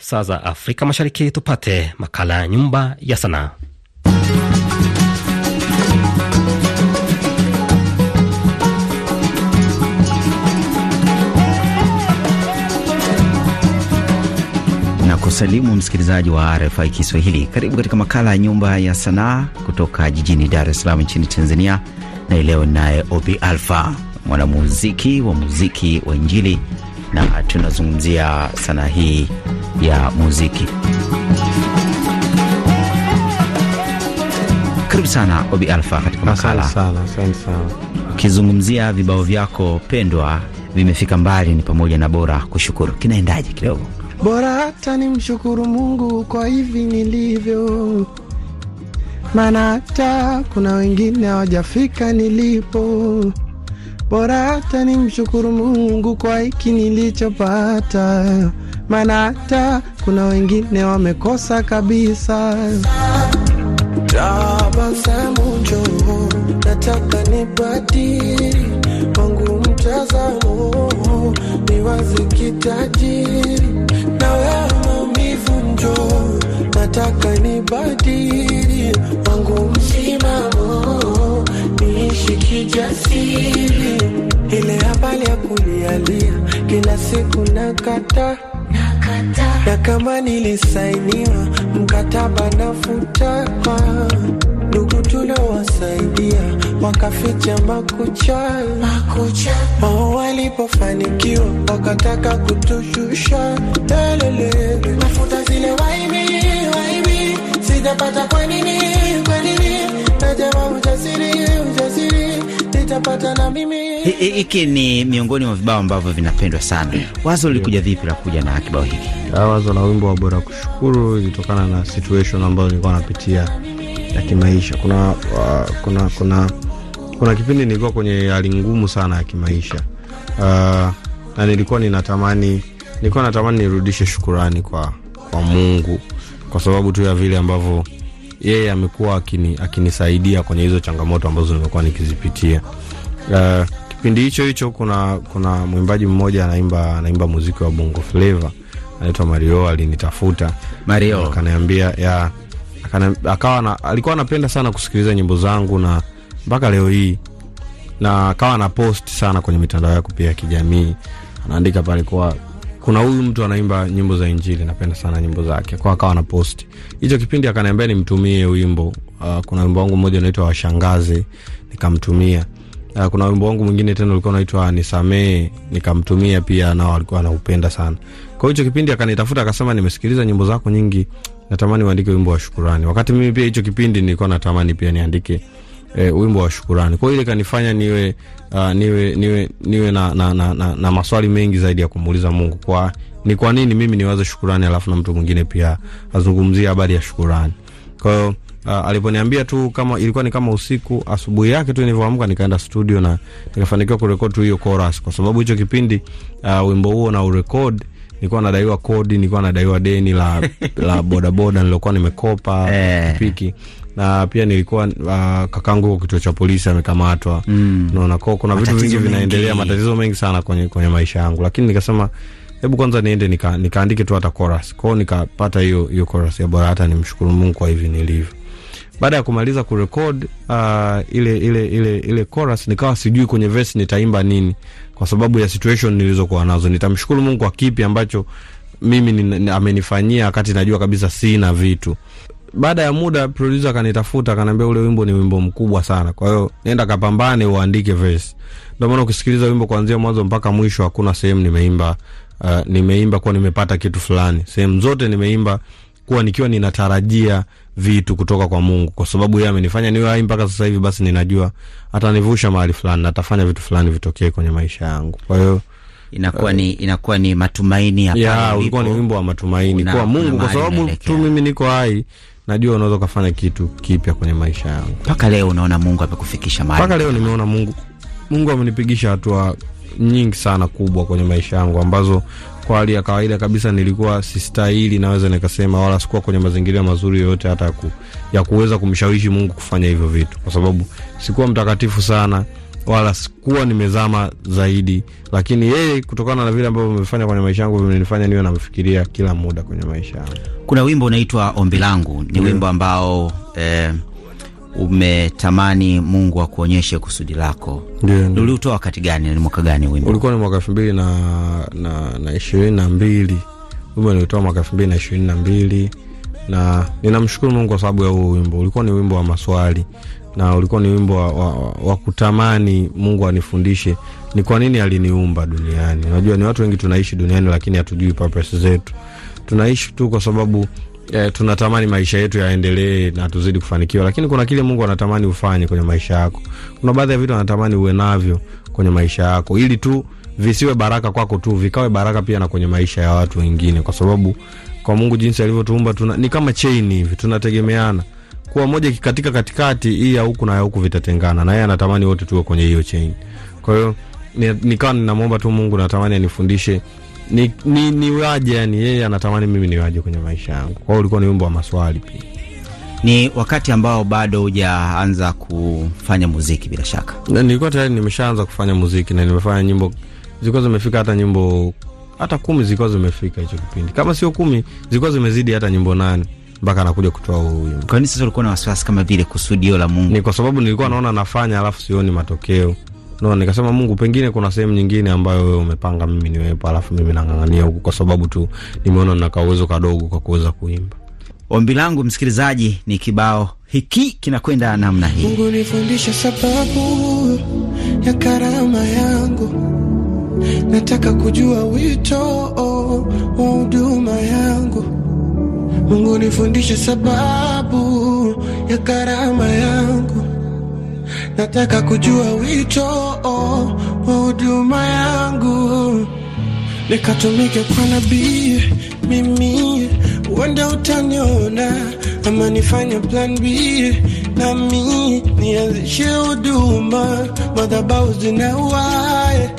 saa za Afrika Mashariki tupate makala ya Nyumba ya Sanaa. Kusalimu msikilizaji wa RFI Kiswahili, karibu katika makala ya nyumba ya sanaa kutoka jijini Dar es Salaam nchini Tanzania. Na leo naye Obi Alfa, mwanamuziki wa muziki wa Injili na tunazungumzia sanaa hii ya muziki. Karibu sana Obi Alfa katika makala. Ukizungumzia vibao vyako pendwa vimefika mbali, ni pamoja na bora kushukuru. Kinaendaje kidogo? Bora hata ni mshukuru Mungu kwa hivi nilivyo, maana hata kuna wengine hawajafika nilipo bora hata ni mshukuru Mungu kwa hiki nilichopata, maana hata kuna wengine wamekosa kabisa. Tabasamu njoo, nataka nipatie wangu mtazamo, ni wazi kitajiri na wewe maumivu njoo, nataka nibadili wangu msimamo, niishi kijasiri siku nakata, nakata. Na kama nilisainiwa mkataba nafuta, ndugu tuliowasaidia wakaficha makucha, makucha. Wao walipofanikiwa wakataka kutushusha lelelele, mafuta zile waimi waimi, sijapata kwa nini kwa nini, najawa ujasiri ujasiri, nitapata na mimi hiki ni miongoni mwa vibao ambavyo vinapendwa sana. Wazo lilikuja vipi la kuja na kibao hiki? Ah, wazo la wimbo wa Bora Kushukuru ilitokana na situation ambayo nilikuwa napitia ya kimaisha. Kuna, uh, kuna, kuna, kuna kipindi nilikuwa kwenye hali ngumu sana ya kimaisha uh, na nilikuwa ninatamani nilikuwa natamani nirudishe shukurani kwa, kwa Mungu kwa sababu tu ya vile ambavyo yeye amekuwa akini, akinisaidia kwenye hizo changamoto ambazo nimekuwa nikizipitia. Uh, Kipindi hicho hicho kuna, kuna mwimbaji mmoja anaimba, anaimba muziki wa Bongo Flava anaitwa Mario, alinitafuta Mario akaniambia ya akana, akawa na, alikuwa anapenda sana kusikiliza nyimbo zangu na mpaka leo hii, na akawa na post sana kwenye mitandao yake pia ya kijamii, anaandika pale kwa kuna huyu mtu anaimba nyimbo za Injili, napenda sana nyimbo zake, kwa akawa na post hicho kipindi, akaniambia nimtumie wimbo uh, kuna wimbo wangu mmoja unaitwa Washangaze, nikamtumia Uh, kuna wimbo wangu mwingine tena ulikuwa unaitwa Nisamee, nikamtumia pia, nao alikuwa anaupenda sana. Kwa hicho kipindi akanitafuta akasema, nimesikiliza nyimbo zako nyingi, natamani uandike wimbo wa shukurani. Wakati mimi pia hicho kipindi nilikuwa natamani pia niandike e, wimbo wa shukurani. Kwa hiyo ile kanifanya niwe uh, niwe niwe niwe na na, na, na na maswali mengi zaidi ya kumuuliza Mungu kwa ni kwa nini mimi niwaze shukurani, alafu na mtu mwingine pia azungumzie habari ya shukurani. Kwa hiyo uh, aliponiambia tu kama ilikuwa ni kama usiku, asubuhi yake tu nilivyoamka nikaenda studio na nikafanikiwa kurekodi tu hiyo chorus, kwa sababu hicho kipindi uh, wimbo huo na urekodi nilikuwa nadaiwa kodi, nilikuwa nadaiwa deni la la bodaboda nilikuwa nimekopa eh, na pia nilikuwa uh, kakangu huko kituo cha polisi amekamatwa. Mm. Naona kwa kuna vitu vingi vinaendelea, matatizo mengi sana kwenye kwenye maisha yangu, lakini nikasema hebu kwanza niende nika, nikaandike tu hata chorus kwao, nikapata hiyo hiyo chorus ya bora. Hata nimshukuru Mungu kwa hivi nilivyo. Baada ya kumaliza kurekod uh, ile, ile, ile, ile chorus, nikawa sijui kwenye verse nitaimba nini kwa sababu ya situation nilizokuwa nazo. Nitamshukuru Mungu kwa kipi ambacho mimi ni, amenifanyia wakati najua kabisa sina vitu. Baada ya muda producer akanitafuta akaniambia, ule wimbo ni wimbo mkubwa sana, kwa hiyo nenda kapambane uandike verse. Ndio maana ukisikiliza wimbo kuanzia mwanzo mpaka mwisho hakuna sehemu nimeimba uh, nimeimba kwa nimepata kitu fulani. Sehemu zote nimeimba kuwa nikiwa ninatarajia vitu kutoka kwa Mungu, kwa sababu yeye amenifanya niwe hai mpaka sasa hivi, basi ninajua atanivusha mahali fulani na atafanya vitu fulani vitokee kwenye maisha yangu. Kwa hiyo inakuwa ni inakuwa ni matumaini ya ulikuwa ni wimbo wa matumaini kwa Mungu, kwa sababu tu mimi niko hai, najua unaweza ukafanya kitu kipya kwenye maisha yangu. Mpaka leo unaona Mungu amekufikisha mahali, mpaka leo nimeona Mungu Mungu amenipigisha hatua nyingi sana kubwa kwenye maisha yangu ambazo kwa hali ya kawaida kabisa nilikuwa sistahili, naweza nikasema, wala sikuwa kwenye mazingira mazuri yoyote hata ku, ya kuweza kumshawishi Mungu kufanya hivyo vitu, kwa sababu sikuwa mtakatifu sana wala sikuwa nimezama zaidi, lakini yeye kutokana na vile ambavyo vimefanya kwenye maisha yangu vimenifanya niwe namfikiria kila muda kwenye maisha yangu. Kuna wimbo unaitwa Ombi Langu, ni wimbo ambao eh, umetamani Mungu akuonyeshe kusudi lako, uliutoa wakati gani? Ni mwaka gani wimbo? Ulikuwa ni mwaka elfu mbili na ishirini na mbili. Wimbo niliutoa mwaka elfu mbili na ishirini na mbili na ninamshukuru Mungu kwa sababu ya huo wimbo. Ulikuwa ni wimbo wa maswali na ulikuwa ni wimbo wa, wa, wa kutamani Mungu anifundishe ni kwa nini aliniumba duniani. Unajua, ni watu wengi tunaishi duniani, lakini hatujui purpose zetu. Tunaishi tu kwa sababu e, tunatamani maisha yetu yaendelee na tuzidi kufanikiwa, lakini kuna kile Mungu anatamani ufanye kwenye maisha yako. Kuna baadhi ya vitu anatamani uwe navyo kwenye maisha yako ili tu visiwe baraka kwako tu, vikawe baraka pia na kwenye maisha ya watu wengine, kwa sababu kwa Mungu jinsi alivyotuumba tuna, ni kama chain hivi tunategemeana kuwa moja kikatika katikati, hii ya huku na ya huku vitatengana, na yeye anatamani wote tuwe kwenye hiyo chain. Kwa hiyo nikawa ninamwomba tu Mungu, natamani anifundishe ni, ni, ni waje yani, yeye anatamani mimi niwaje kwenye maisha yangu. Kwa hiyo ulikuwa ni wimbo wa maswali pia. Ni wakati ambao bado hujaanza kufanya muziki bila shaka. Na nilikuwa tayari nimeshaanza kufanya muziki na nimefanya nyimbo zilikuwa zimefika hata nyimbo hata kumi zilikuwa zimefika hicho kipindi, kama sio kumi zilikuwa zimezidi hata nyimbo nane mpaka anakuja kutoa huu wimbo. Kwa nini sasa ulikuwa na wasiwasi kama vile kusudio la Mungu? Ni kwa sababu nilikuwa naona nafanya alafu sioni matokeo no, nikasema Mungu, pengine kuna sehemu nyingine ambayo wewe umepanga mimi niwepo, alafu mimi nang'ang'ania huku kwa sababu tu nimeona nina uwezo kadogo kwa kuweza kuimba. Ombi langu msikilizaji ni kibao hiki kinakwenda namna hii: Mungu nifundishe sababu ya karama yangu, nataka kujua wito wa huduma yangu. Mungu nifundishe sababu ya karama yangu nataka kujua wito wa huduma yangu, nikatumike kwa nabii. Mimi wenda utaniona ama nifanye plan B, nami nianzishe huduma, madhabahu zinawae,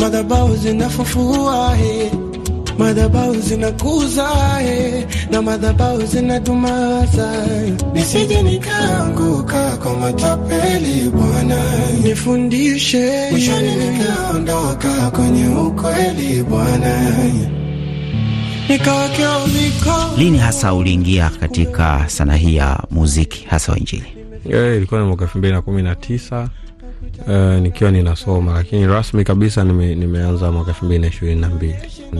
madhabahu zinafufuae madhabahu zinakuza eh, na madhabahu zinatumaza nisije nikaanguka kwa matapeli Bwana nifundishe, mwishoni nikaondoka kwenye ukweli Bwana. Lini hasa uliingia katika sanaa hii ya muziki hasa wa Injili? Eh, ilikuwa na mwaka elfu mbili na kumi na tisa uh, nikiwa ninasoma, lakini rasmi kabisa nime, nimeanza mwaka elfu mbili na ishirini na mbili.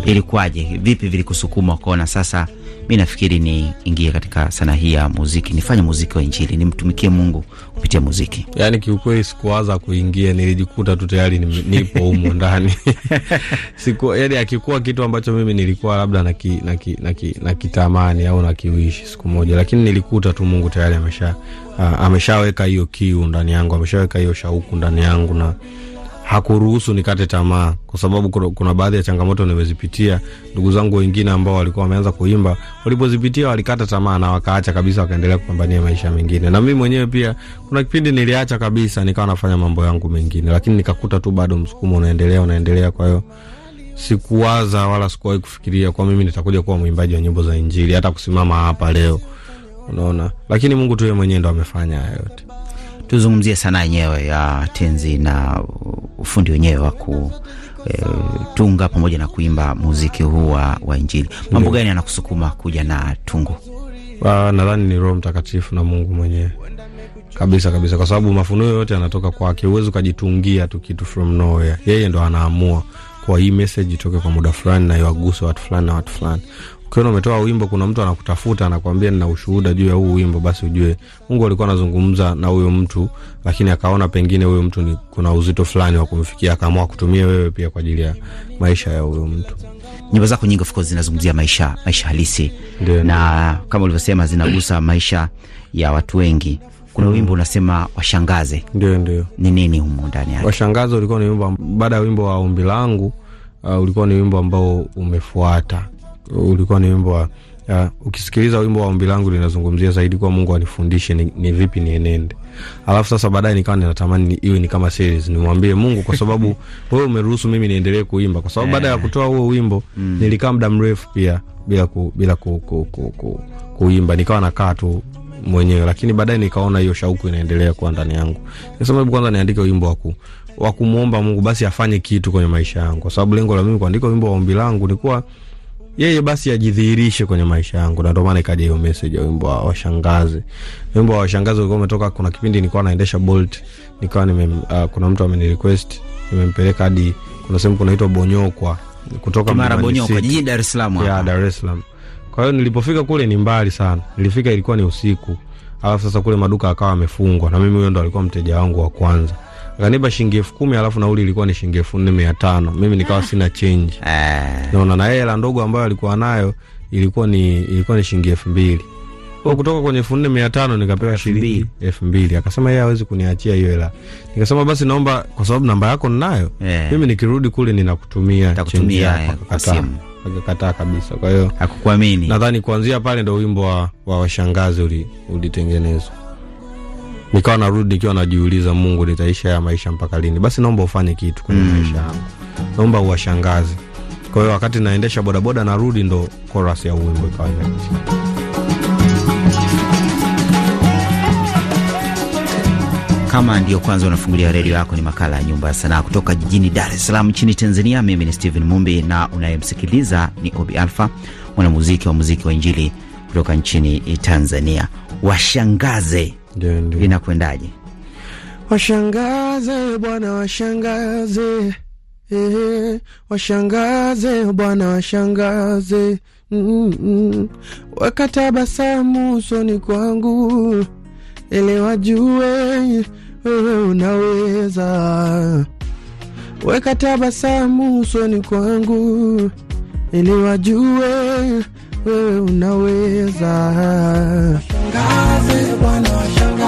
Ilikuwaje? Vipi vilikusukuma ukaona sasa mi nafikiri ni ingie katika sanaa hii ya muziki, nifanye muziki wa Injili, nimtumikie Mungu kupitia muziki. Yani kiukweli sikuwaza kuingia, nilijikuta tu tayari nipo humo ndani siku, yani akikuwa kitu ambacho mimi nilikuwa labda nakitamani naki, naki, naki au nakiuishi siku moja, lakini nilikuta tu Mungu tayari amesha ameshaweka hiyo kiu ndani yangu, ameshaweka hiyo shauku ndani yangu na hakuruhusu nikate tamaa, kwa sababu kuna, baadhi ya changamoto nimezipitia. Ndugu zangu wengine ambao walikuwa wameanza kuimba walipozipitia walikata tamaa na wakaacha kabisa, wakaendelea kupambania maisha mengine. Na mimi mwenyewe pia kuna kipindi niliacha kabisa, nikawa nafanya mambo yangu mengine, lakini nikakuta tu bado msukumo unaendelea unaendelea. Kwa hiyo sikuwaza wala sikuwahi kufikiria kuwa mimi nitakuja kuwa mwimbaji wa nyimbo za Injili, hata kusimama hapa leo, unaona. Lakini Mungu tu yeye mwenyewe ndo amefanya hayo yote tuzungumzie sanaa yenyewe ya tenzi na ufundi wenyewe wa kutunga eh, e, pamoja na kuimba muziki huu wa Injili. Mambo gani anakusukuma kuja na tungu? Nadhani ni Roho Mtakatifu na Mungu mwenyewe kabisa kabisa, kwa sababu mafunuo yote yanatoka kwake. Huwezi ukajitungia tu kitu from nowhere, yeye ndo anaamua kwa hii message itoke kwa muda fulani na iwaguse watu fulani na watu fulani ukiona umetoa wimbo, kuna mtu anakutafuta anakwambia, nina ushuhuda juu ya huu wimbo, basi ujue Mungu alikuwa anazungumza na huyo mtu, lakini akaona pengine huyo mtu ni kuna uzito fulani wa kumfikia, akaamua kutumia wewe pia kwa ajili ya maisha ya huyo mtu. Nyimbo zako nyingi of course zinazungumzia maisha, maisha halisi Deo, na kama ulivyosema zinagusa maisha ya watu wengi. Kuna mm. wimbo unasema washangaze, ndio ndio, ni nini humo ndani yake? Washangaze ulikuwa ni wimbo baada ya wimbo wa ombi langu, uh, ulikuwa ni wimbo ambao umefuata ulikuwa ni wimbo wa uh, ukisikiliza wimbo wa ombi langu linazungumzia zaidi kuwa Mungu anifundishe ni, ni vipi nienende. Alafu sasa baadaye nikawa ninatamani ni, iwe ni kama series nimwambie Mungu kwa sababu wewe umeruhusu mimi niendelee kuimba kwa sababu baada ya eh. kutoa huo wimbo mm. nilikaa muda mrefu pia bila ku, bila ku, ku, ku, ku, kuimba nikawa nakaa tu mwenyewe, lakini baadaye nikaona hiyo shauku inaendelea kuwa ndani yangu, nikasema hebu kwanza niandike wimbo wa wa kumwomba Mungu basi afanye kitu kwenye maisha yangu, kwa sababu lengo la mimi kuandika wimbo wa ombi langu ni kuwa yeye basi ajidhihirishe kwenye maisha yangu, na ndio maana ikaja hiyo message ya wimbo wa washangazi. Wimbo wa washangazi ulikuwa umetoka, kuna kipindi nilikuwa naendesha Bolt, nikawa nime uh, kuna mtu amenirequest, nimempeleka hadi kuna sehemu kunaitwa Bonyokwa, kutoka mara Bonyokwa, jiji Dar es Salaam, ya Dar es Salaam. Kwa hiyo nilipofika kule ni mbali sana, nilifika ilikuwa ni usiku, alafu sasa kule maduka akawa amefungwa, na mimi huyo ndo alikuwa mteja wangu wa kwanza akanipa shilingi elfu kumi alafu nauli ilikuwa ni shilingi elfu nne mia tano mimi nikawa ah. sina chenji eh. naona na hela ndogo ambayo alikuwa nayo ilikuwa ni ilikuwa ni shilingi elfu mbili kwa kutoka kwenye elfu nne mia tano nikapewa shilingi elfu mbili akasema yeye hawezi kuniachia hiyo hela nikasema basi naomba kwa sababu namba yako ninayo yeah. mimi nikirudi kule ninakutumia change yako akakataa kabisa kwa hiyo hakukuamini nadhani kuanzia pale ndo wimbo wa, wa washangazi ulitengenezwa uli nikawa narudi nikiwa najiuliza, Mungu, nitaisha ya maisha mpaka lini? Basi naomba ufanye kitu kwenye mm. maisha yangu, naomba uwashangaze. Kwa hiyo wakati naendesha bodaboda narudi, ndo koras ya uwimbo ikawa Kama ndiyo kwanza unafungulia redio yako, ni makala ya Nyumba ya Sanaa kutoka jijini Dar es Salaam nchini Tanzania. Mimi ni Steven Mumbi na unayemsikiliza ni Obi Alfa, mwanamuziki wa muziki wa Injili kutoka nchini Tanzania. Washangaze inakwendaje Washangaze Bwana, washangaze eh, washangaze Bwana, washangaze mm -mm. Wakatabasamu usoni kwangu ili wajue wewe unaweza. samu usoni kwangu ili wajue wewe unaweza. Shangaze Bwana, shangaze.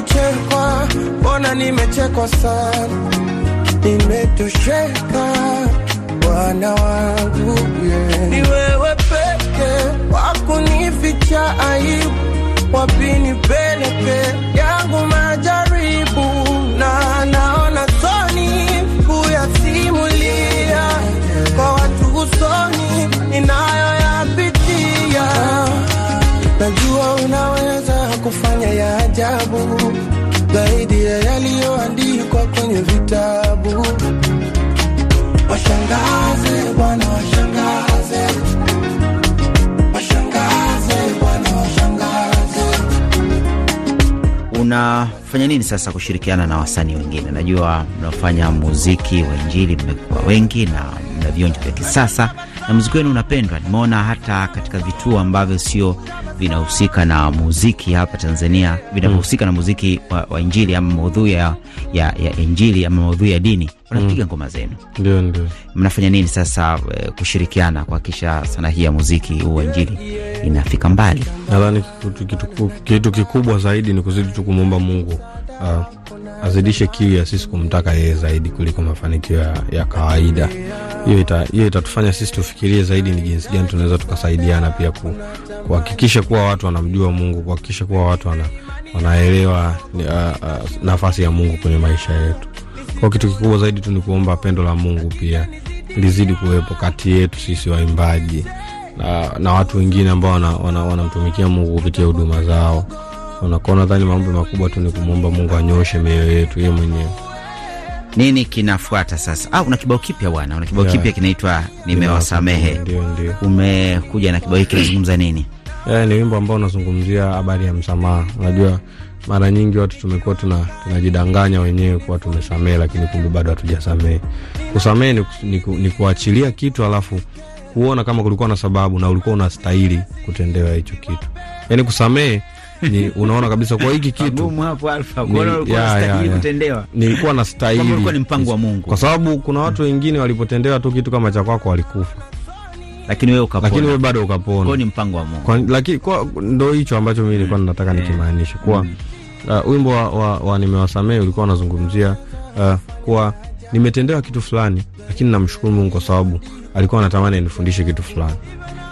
kuchekwa, mbona nimechekwa sana, nimetosheka Bwana wangu yeah. Ni wewe peke wakunificha aibu, wapi peleke yangu majaribu, na naona soni kuyasimulia kwa watu usoni ninayoyapitia, najua unawe kufanya ya ajabu zaidi ya yaliyoandikwa kwenye vitabu. Washangaze Bwana, washangaze Unafanya nini sasa kushirikiana na wasanii wengine? Najua mnafanya muziki wa Injili, mmekuwa wengi na mna vionjo vya kisasa na muziki wenu unapendwa. Nimeona hata katika vituo ambavyo sio vinahusika na muziki hapa Tanzania, vinavyohusika na muziki wa, wa Injili ama maudhui ya, ya, ya Injili ama maudhui ya dini wanapiga ngoma zenu. Ndio, ndio. Mnafanya nini sasa eh, kushirikiana kuhakikisha sanaa hii ya muziki huu wa Injili inafika mbali? Nadhani kitu, kitu, kitu kikubwa zaidi ni kuzidi tu kumwomba Mungu uh, azidishe kiu ya sisi kumtaka yeye zaidi kuliko mafanikio ya, ya kawaida. Hiyo ita, hiyo itatufanya sisi tufikirie zaidi ni jinsi gani tunaweza tukasaidiana pia kuhakikisha kuwa watu wanamjua Mungu, kuhakikisha kuwa watu wana, wanaelewa uh, uh, nafasi ya Mungu kwenye maisha yetu. Kwa kitu kikubwa zaidi tu ni kuomba pendo la Mungu pia lizidi kuwepo kati yetu sisi waimbaji na, na watu wengine ambao wanamtumikia wana, wana Mungu kupitia huduma zao. Unakuwa nadhani mambo makubwa tu ni kumwomba Mungu anyoshe mioyo yetu yeye mwenyewe. Nini kinafuata sasa? Ah, una kibao kipya bwana, una kibao yeah, kipya kinaitwa Nimewasamehe. Ndio, ndio. Umekuja na kibao hiki kinazungumza nini? Yeah, ni wimbo ambao unazungumzia habari ya msamaha. Unajua mara nyingi watu tumekuwa tuna tunajidanganya wenyewe kuwa tumesamehe, lakini kumbe bado hatujasamehe. Kusamehe ni, ni, ni kuachilia kitu alafu kuona kama kulikuwa na sababu na ulikuwa unastahili kutendewa hicho kitu. Yaani kusamehe ni unaona kabisa kwa hiki kitu hapo alfa kutendewa, nilikuwa na stahili mpango wa Mungu, kwa sababu kuna watu wengine walipotendewa tu kitu kama cha kwako walikufa, lakini wewe ukapona, lakini wewe bado ukapona. Kwa ni mpango wa Mungu, lakini kwa ndo hicho ambacho mimi nilikuwa nataka eh. nikimaanisha kwa mm. Uh, wimbo wa, wa, wa nimewasamehe ulikuwa unazungumzia uh, kuwa nimetendewa kitu fulani, lakini namshukuru Mungu kwa sababu alikuwa anatamani anifundishe kitu fulani,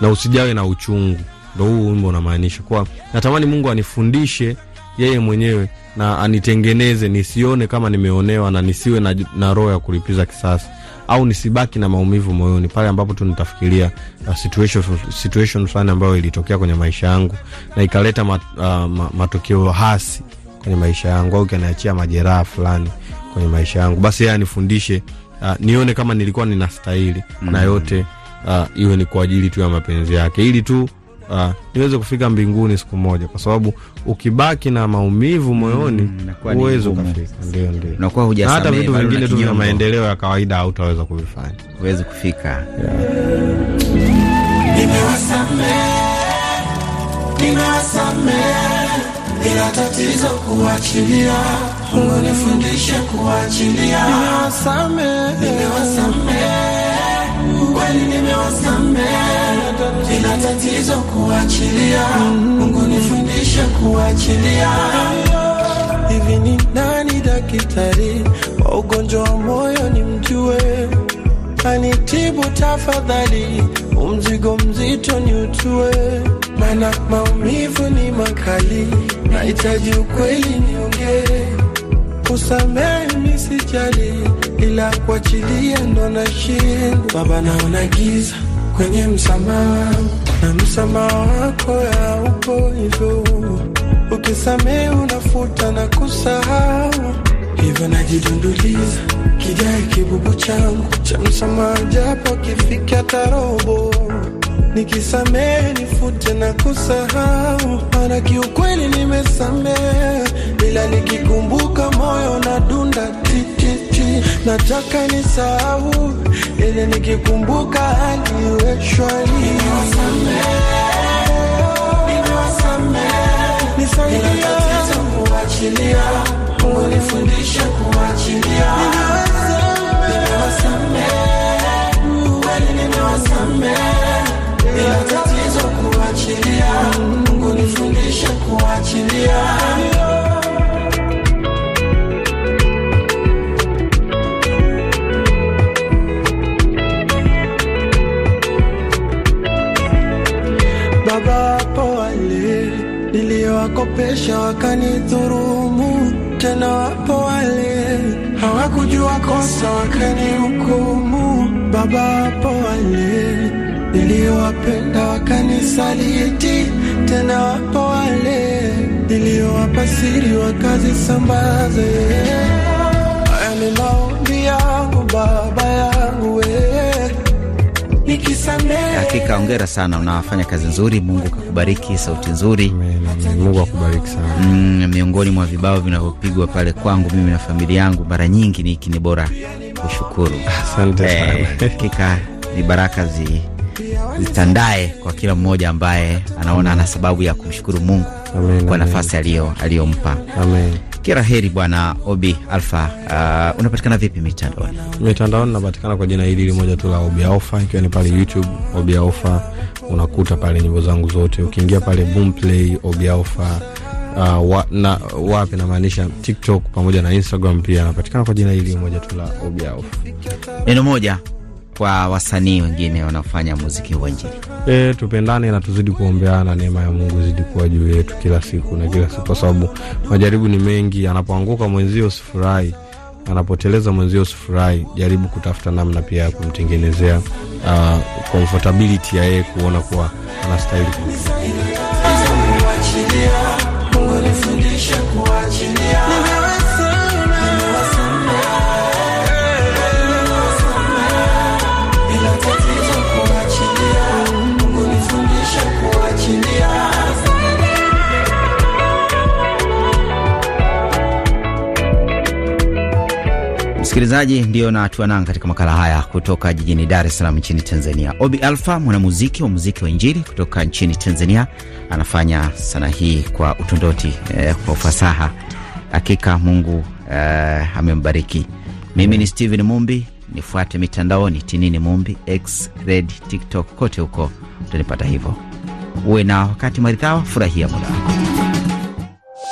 na usijawe na uchungu ndo huu wimbo unamaanisha. Kwa natamani Mungu anifundishe yeye mwenyewe na anitengeneze nisione kama nimeonewa na nisiwe na, na roho ya kulipiza kisasi au nisibaki na maumivu moyoni pale ambapo tu nitafikiria uh, situation, situation fulani ambayo ilitokea kwenye maisha yangu na ikaleta mat, uh, matokeo hasi kwenye maisha yangu au kaniachia majeraha fulani kwenye maisha yangu, basi yeye anifundishe uh, nione kama nilikuwa ninastahili mm -hmm. na yote uh, iwe ni kwa ajili tu ya mapenzi yake ili tu uh, niweze kufika mbinguni siku moja, kwa sababu ukibaki na maumivu moyoni mm, huwezi mm, ukafika. Ndio, ndio, na hata vitu vingine tu vya maendeleo ya kawaida hautaweza kuvifanya, huwezi kufika yeah. tatizo kuachilia, Mungu nifundishe kuachilia, nimewasamehe kweli nimewasamea, kila tatizo kuachilia. Mungu nifundishe kuachilia. Hivi ni nani daktari wa ugonjwa wa moyo nimjue, anitibu tafadhali, umzigo mzito ni utue, mana maumivu ni makali, nahitaji ukweli niongee, usamehe misijali ila kuachilia ndo nashindwa. Baba, naona giza kwenye msamaha na msamaha wako upo hivyo ukisamehe unafuta na kusahau, hivyo najidunduliza kijai kibubu changu cha msamaha, japo kifika tarobo nikisamehe nifute na kusahau, mana kiukweli nimesamehe, ila nikikumbuka moyo na dunda tititi, nataka nisahau, ili nikikumbuka aliwe shwari. nimewasamehe, nimewasamehe bila tatizo kuachilia. Mungu nifundishe kuachilia. wakanidhurumu, tena wapo wale hawakujua kosa wakanihukumu. Baba, hapo wale niliyowakopesha nisalieti tena, wapo wale niliyowapasiri wakazisambaze. Haya ni maombi yangu Baba yangu we Hakika ongera sana, unafanya kazi nzuri, Mungu akakubariki, sauti nzuri. Mungu akubariki sana. Mm, miongoni mwa vibao vinavyopigwa pale kwangu mimi na familia yangu mara nyingi ni hiki, ni bora kushukuru. Asante eh, sana. Hakika ni baraka zi zitandae kwa kila mmoja ambaye anaona ana sababu ya kumshukuru Mungu amen, kwa nafasi aliyompa alio kila heri. Bwana Obi Alfa, uh, unapatikana vipi mitandaoni? Mitandaoni napatikana kwa jina hili moja tu la Obi Alfa, ikiwa ni pale YouTube Obi Alfa, unakuta pale nyimbo zangu zote. Ukiingia pale Boomplay Obi Alfa Uh, wa, na wapi namaanisha TikTok pamoja na Instagram pia anapatikana kwa jina hili moja tu la Obi Alfa. Neno moja kwa wasanii wengine wanaofanya muziki wa Injili. E, tupendane na tuzidi kuombeana, neema ya Mungu zidi kuwa juu yetu kila siku na kila siku, kwa sababu majaribu ni mengi. Anapoanguka mwenzio usifurahi, anapoteleza mwenzio usifurahi. Jaribu kutafuta namna pia ya kumtengenezea uh, comfortability ya yeye kuona kuwa anastahili Msikilizaji, ndiyo na nanga katika makala haya kutoka jijini Dar es Salaam nchini Tanzania. Obi Alfa, mwanamuziki wa muziki wa Injili kutoka nchini Tanzania, anafanya sanaa hii kwa utundoti eh, kwa ufasaha. Hakika Mungu eh, amembariki. Mimi ni Steven Mumbi, nifuate mitandaoni Tinini Mumbi, X, Red, TikTok, kote huko utanipata hivyo. Uwe na wakati maridhawa, furahia muda wako.